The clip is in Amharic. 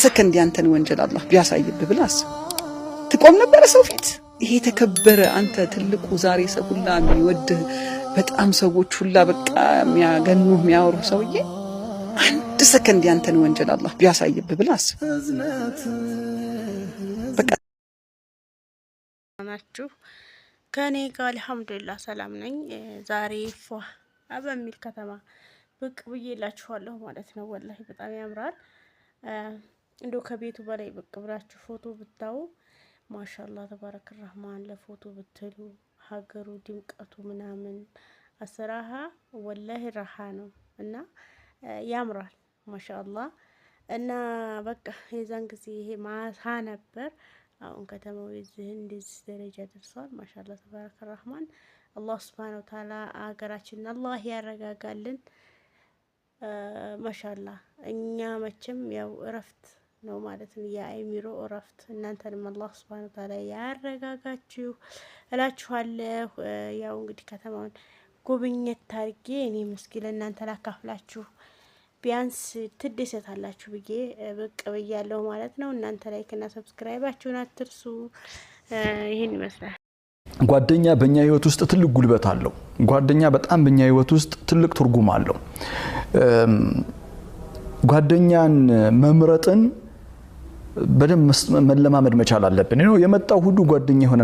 ሰከንድ ያንተን ወንጀል አላህ ቢያሳይብህ ብላስ ትቆም ነበረ ሰው ፊት? ይሄ የተከበረ አንተ ትልቁ ዛሬ ሰው ሁላ የሚወድህ በጣም ሰዎች ሁላ በቃ የሚያገኑ የሚያወሩ ሰውዬ አንድ ሰከንድ ያንተን ወንጀል አላህ ቢያሳይብህ ብላስ በቃ ናችሁ ከእኔ ጋር አልሐምዱሊላህ ሰላም ነኝ። ዛሬ ፏ በሚል ከተማ ብቅ ብዬላችኋለሁ ማለት ነው። ወላሂ በጣም ያምራል። እንደው ከቤቱ በላይ ብቅ ብላችሁ ፎቶ ብታዩ ማሻላ ተባረክ ረህማን ለፎቶ ብትሉ ሀገሩ ድምቀቱ ምናምን አስራሀ ወላሂ ረሃ ነው እና ያምራል ማሻአላ እና በቃ የዛን ጊዜ ይሄ ማሳ ነበር። አሁን ከተማው የዚህ እንደዚህ ደረጃ ደርሷል። ማሻላ ተባረክ ረህማን አላህ ስብሓነሁ ወተዓላ ሀገራችንን አላህ ያረጋጋልን። ማሻላ እኛ መቼም ያው እረፍት ነው ማለት ነው። የአእምሮ እረፍት እናንተንም አላህ ስብሃነ ወተዓላ ያረጋጋችሁ እላችኋለሁ። ያው እንግዲህ ከተማውን ጉብኝት ታርጌ እኔ እስኪ ለእናንተ ላካፍላችሁ ቢያንስ ትደሰታላችሁ ብዬ ብቅ ብያለሁ ማለት ነው። እናንተ ላይክና ሰብስክራይባችሁን አትርሱ። ይህን ይመስላል። ጓደኛ በእኛ ህይወት ውስጥ ትልቅ ጉልበት አለው። ጓደኛ በጣም በእኛ ህይወት ውስጥ ትልቅ ትርጉም አለው። ጓደኛን መምረጥን በደንብ መለማመድ መቻል አለብን። የመጣው ሁሉ ጓደኛ የሆነ